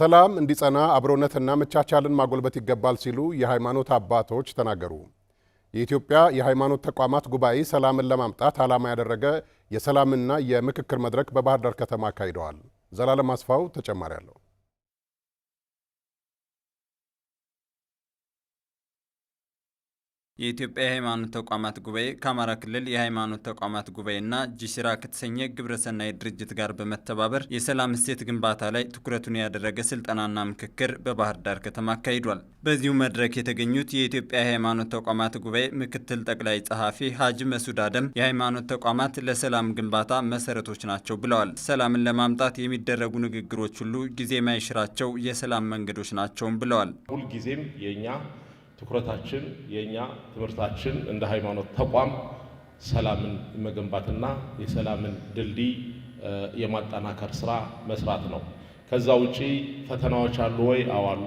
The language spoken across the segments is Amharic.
ሰላም እንዲጸና አብሮነትና መቻቻልን ማጎልበት ይገባል ሲሉ የሃይማኖት አባቶች ተናገሩ። የኢትዮጵያ የሃይማኖት ተቋማት ጉባኤ ሰላምን ለማምጣት ዓላማ ያደረገ የሰላምና የምክክር መድረክ በባህር ዳር ከተማ አካሂደዋል። ዘላለም አስፋው ተጨማሪ አለው። የኢትዮጵያ የሃይማኖት ተቋማት ጉባኤ ከአማራ ክልል የሃይማኖት ተቋማት ጉባኤና ጂሲራ ከተሰኘ ግብረሰናይ ድርጅት ጋር በመተባበር የሰላም እሴት ግንባታ ላይ ትኩረቱን ያደረገ ስልጠናና ምክክር በባህር ዳር ከተማ አካሂዷል። በዚሁ መድረክ የተገኙት የኢትዮጵያ የሃይማኖት ተቋማት ጉባኤ ምክትል ጠቅላይ ጸሐፊ ሀጂ መሱድ አደም የሃይማኖት ተቋማት ለሰላም ግንባታ መሰረቶች ናቸው ብለዋል። ሰላምን ለማምጣት የሚደረጉ ንግግሮች ሁሉ ጊዜ ማይሽራቸው የሰላም መንገዶች ናቸውም ብለዋል። ሁልጊዜም የእኛ ትኩረታችን የእኛ ትምህርታችን እንደ ሃይማኖት ተቋም ሰላምን መገንባትና የሰላምን ድልድይ የማጠናከር ስራ መስራት ነው። ከዛ ውጪ ፈተናዎች አሉ ወይ? አዋሉ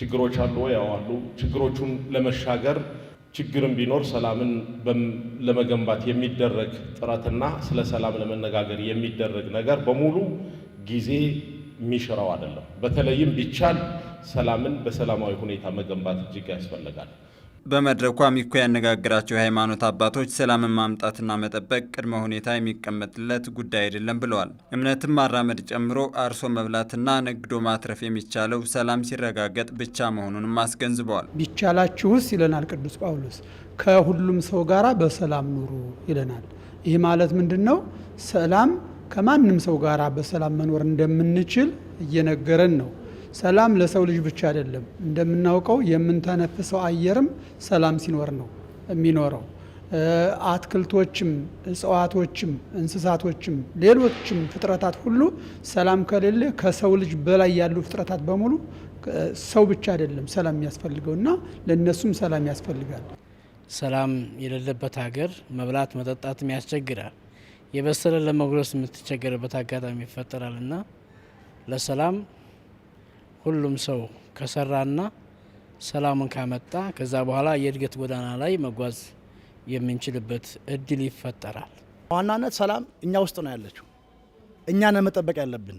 ችግሮች አሉ ወይ? አዋሉ ችግሮቹን ለመሻገር ችግርም ቢኖር ሰላምን ለመገንባት የሚደረግ ጥረትና ስለ ሰላም ለመነጋገር የሚደረግ ነገር በሙሉ ጊዜ የሚሽረው አይደለም። በተለይም ቢቻል ሰላምን በሰላማዊ ሁኔታ መገንባት እጅግ ያስፈልጋል። በመድረኩ አሚኮ ያነጋግራቸው የሃይማኖት አባቶች ሰላምን ማምጣትና መጠበቅ ቅድመ ሁኔታ የሚቀመጥለት ጉዳይ አይደለም ብለዋል። እምነትን ማራመድ ጨምሮ አርሶ መብላትና ነግዶ ማትረፍ የሚቻለው ሰላም ሲረጋገጥ ብቻ መሆኑንም አስገንዝበዋል። ቢቻላችሁስ ይለናል ቅዱስ ጳውሎስ፣ ከሁሉም ሰው ጋራ በሰላም ኑሩ ይለናል። ይህ ማለት ምንድን ነው? ሰላም ከማንም ሰው ጋር በሰላም መኖር እንደምንችል እየነገረን ነው። ሰላም ለሰው ልጅ ብቻ አይደለም። እንደምናውቀው የምንተነፍሰው አየርም ሰላም ሲኖር ነው የሚኖረው። አትክልቶችም፣ እጽዋቶችም፣ እንስሳቶችም ሌሎችም ፍጥረታት ሁሉ ሰላም ከሌለ ከሰው ልጅ በላይ ያሉ ፍጥረታት በሙሉ ሰው ብቻ አይደለም ሰላም የሚያስፈልገው እና ለእነሱም ሰላም ያስፈልጋል። ሰላም የሌለበት ሀገር መብላት መጠጣትም ያስቸግራል። የበሰለ ለመጉረስ የምትቸገርበት አጋጣሚ ይፈጠራል እና ለሰላም ሁሉም ሰው ከሰራና ሰላምን ካመጣ ከዛ በኋላ የእድገት ጎዳና ላይ መጓዝ የምንችልበት እድል ይፈጠራል። ዋናነት ሰላም እኛ ውስጥ ነው ያለችው። እኛን መጠበቅ ያለብን።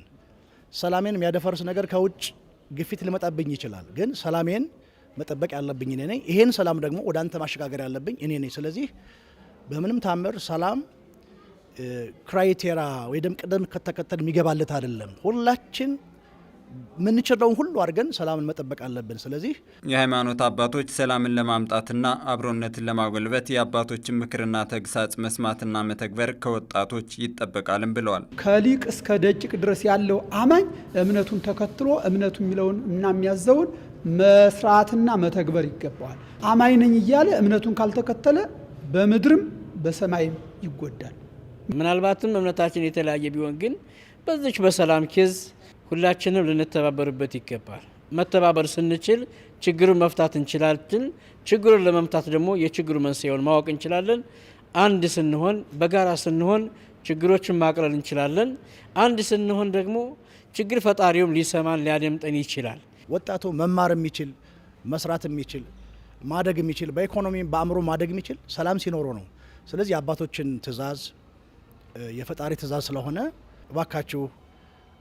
ሰላሜን የሚያደፈርስ ነገር ከውጭ ግፊት ሊመጣብኝ ይችላል፣ ግን ሰላሜን መጠበቅ ያለብኝ እኔ ነኝ። ይሄን ሰላም ደግሞ ወደ አንተ ማሸጋገር ያለብኝ እኔ ነኝ። ስለዚህ በምንም ታምር ሰላም ክራይቴራ ወይ ደም ቅደም ከተከተል የሚገባለት አይደለም። ሁላችን ምንችለውን ሁሉ አድርገን ሰላምን መጠበቅ አለብን። ስለዚህ የሃይማኖት አባቶች ሰላምን ለማምጣትና አብሮነትን ለማጎልበት የአባቶችን ምክርና ተግሳጽ መስማትና መተግበር ከወጣቶች ይጠበቃልም ብለዋል። ከሊቅ እስከ ደቂቅ ድረስ ያለው አማኝ እምነቱን ተከትሎ እምነቱ የሚለውን እና የሚያዘውን መስራትና መተግበር ይገባዋል። አማኝ ነኝ እያለ እምነቱን ካልተከተለ በምድርም በሰማይም ይጎዳል። ምናልባትም እምነታችን የተለያየ ቢሆን ግን በዚች በሰላም ኬዝ ሁላችንም ልንተባበርበት ይገባል። መተባበር ስንችል ችግሩን መፍታት እንችላለን። ችግሩን ለመምታት ደግሞ የችግሩ መንስኤውን ማወቅ እንችላለን። አንድ ስንሆን፣ በጋራ ስንሆን ችግሮችን ማቅለል እንችላለን። አንድ ስንሆን ደግሞ ችግር ፈጣሪውም ሊሰማን ሊያደምጠን ይችላል። ወጣቱ መማር የሚችል መስራት የሚችል ማደግ የሚችል በኢኮኖሚ በአእምሮ ማደግ የሚችል ሰላም ሲኖሩ ነው። ስለዚህ የአባቶችን ትዕዛዝ የፈጣሪ ትእዛዝ ስለሆነ እባካችሁ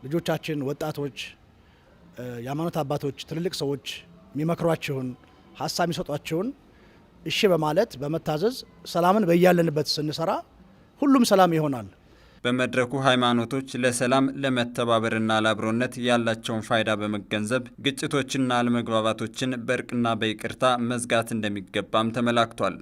ልጆቻችን፣ ወጣቶች፣ የሃይማኖት አባቶች፣ ትልልቅ ሰዎች የሚመክሯችሁን ሀሳብ የሚሰጧችሁን እሺ በማለት በመታዘዝ ሰላምን በያለንበት ስንሰራ ሁሉም ሰላም ይሆናል። በመድረኩ ሃይማኖቶች ለሰላም ለመተባበርና ለአብሮነት ያላቸውን ፋይዳ በመገንዘብ ግጭቶችና አለመግባባቶችን በእርቅና በይቅርታ መዝጋት እንደሚገባም ተመላክቷል።